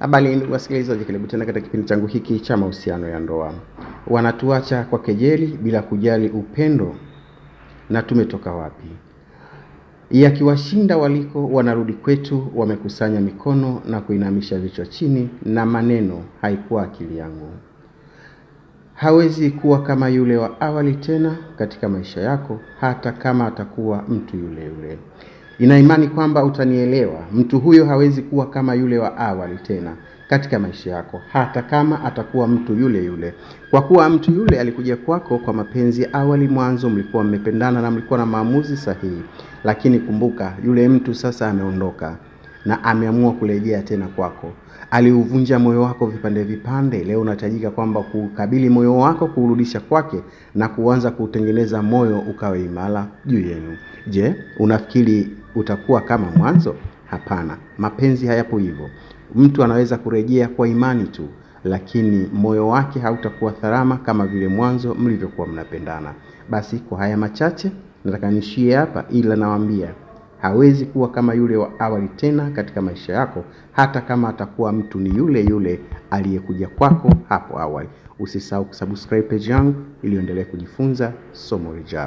Habari ndugu wasikilizaji, karibu tena katika kipindi changu hiki cha mahusiano ya ndoa. Wanatuacha kwa kejeli bila kujali upendo na tumetoka wapi. Yakiwashinda waliko, wanarudi kwetu, wamekusanya mikono na kuinamisha vichwa chini, na maneno haikuwa akili yangu. Hawezi kuwa kama yule wa awali tena katika maisha yako, hata kama atakuwa mtu yule yule. Nina imani kwamba utanielewa. Mtu huyo hawezi kuwa kama yule wa awali tena katika maisha yako, hata kama atakuwa mtu yule yule, kwa kuwa mtu yule alikuja kwako kwa mapenzi ya awali. Mwanzo mlikuwa mmependana na mlikuwa na maamuzi sahihi, lakini kumbuka, yule mtu sasa ameondoka na ameamua kurejea tena kwako aliuvunja moyo wako vipande vipande. Leo unahitajika kwamba kukabili moyo wako, kuurudisha kwake na kuanza kutengeneza moyo ukawe imara juu yenu. Je, unafikiri utakuwa kama mwanzo? Hapana, mapenzi hayapo hivyo. Mtu anaweza kurejea kwa imani tu, lakini moyo wake hautakuwa tharama kama vile mwanzo mlivyokuwa mnapendana. Basi kwa haya machache nataka nishie hapa, ila nawaambia hawezi kuwa kama yule wa awali tena katika maisha yako, hata kama atakuwa mtu ni yule yule aliyekuja kwako hapo awali. Usisahau kusubscribe page yangu ili uendelee kujifunza somo lijalo.